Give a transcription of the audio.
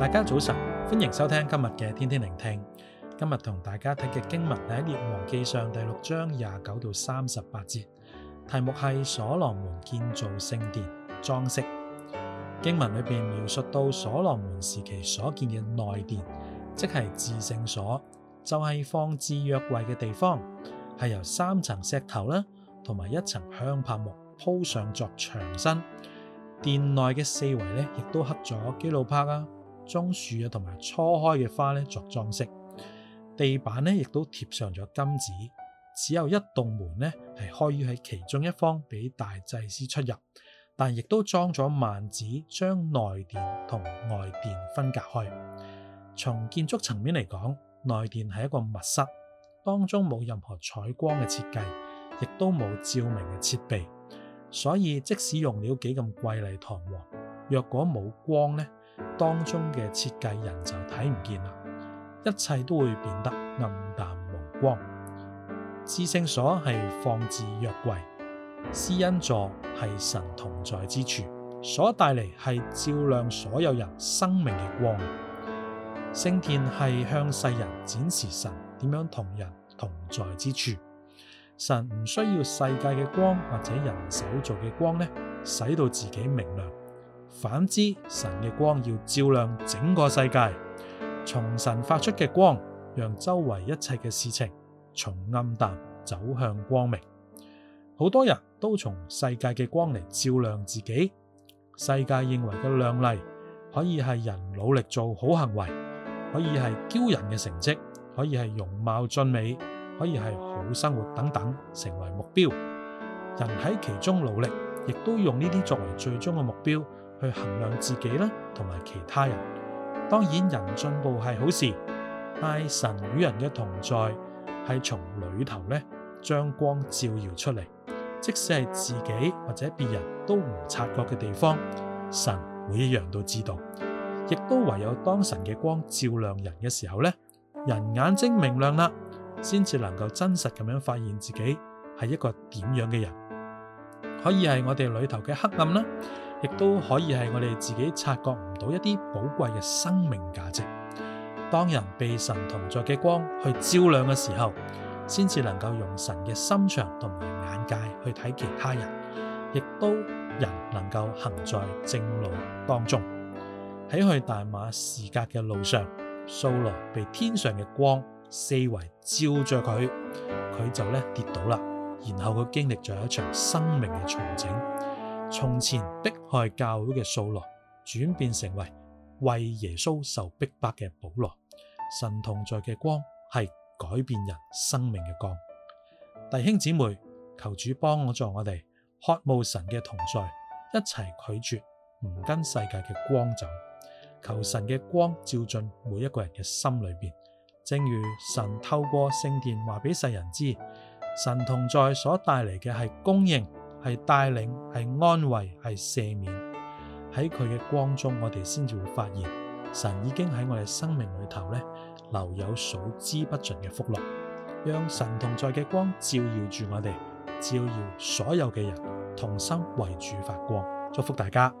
大家早晨，歡迎收聽今日嘅天天靈聽。今日同大家睇嘅經文喺《列王紀上》第六章廿九到三十八節，題目係所羅門建造聖殿裝飾。經文裏邊描述到所羅門時期所建嘅內殿，即係至聖所，就係放置約櫃嘅地方，係由三層石頭啦，同埋一層香柏木鋪上作牆身。殿內嘅四圍呢，亦都刻咗基路伯啊。棕樹啊，同埋初開嘅花咧作裝飾。地板咧亦都貼上咗金紙，只有一道門咧係開於喺其中一方俾大祭司出入，但亦都裝咗幔子將內殿同外殿分隔開。從建築層面嚟講，內殿係一個密室，當中冇任何採光嘅設計，亦都冇照明嘅設備，所以即使用料幾咁富麗堂皇，若果冇光呢。當中嘅設計，人就睇唔見啦，一切都會變得暗淡無光。至聖所係放置約櫃，施恩座係神同在之處，所帶嚟係照亮所有人生命嘅光。聖殿係向世人展示神點樣同人同在之處，神唔需要世界嘅光或者人手做嘅光呢，使到自己明亮。反之，神嘅光要照亮整個世界，從神發出嘅光，讓周圍一切嘅事情從暗淡走向光明。好多人都從世界嘅光嚟照亮自己。世界認為嘅亮麗可以係人努力做好行為，可以係驕人嘅成績，可以係容貌俊美，可以係好生活等等，成為目標。人喺其中努力，亦都用呢啲作為最終嘅目標。去衡量自己啦，同埋其他人。當然，人進步係好事，但神與人嘅同在係從裏頭咧將光照耀出嚟。即使係自己或者別人都唔察覺嘅地方，神每一樣都知道。亦都唯有當神嘅光照亮人嘅時候咧，人眼睛明亮啦，先至能夠真實咁樣發現自己係一個點樣嘅人，可以係我哋裏頭嘅黑暗啦。亦都可以係我哋自己察覺唔到一啲寶貴嘅生命價值。當人被神同在嘅光去照亮嘅時候，先至能夠用神嘅心腸同埋眼界去睇其他人，亦都人能夠行在正路當中。喺去大馬士革嘅路上，掃羅被天上嘅光四圍照着佢，佢就咧跌倒啦。然後佢經歷咗一場生命嘅重整。從前迫害教會嘅掃羅，轉變成為為耶穌受逼迫嘅保羅。神同在嘅光係改變人生命嘅光。弟兄姊妹，求主幫我助我哋渴慕神嘅同在，一齊拒絕唔跟世界嘅光走。求神嘅光照進每一個人嘅心裏邊，正如神透過聖殿話俾世人知，神同在所帶嚟嘅係公義。係帶領，係安慰，係赦免。喺佢嘅光中，我哋先至會發現，神已經喺我哋生命裏頭咧，留有數之不盡嘅福祿。讓神同在嘅光照耀住我哋，照耀所有嘅人，同心為主發光。祝福大家。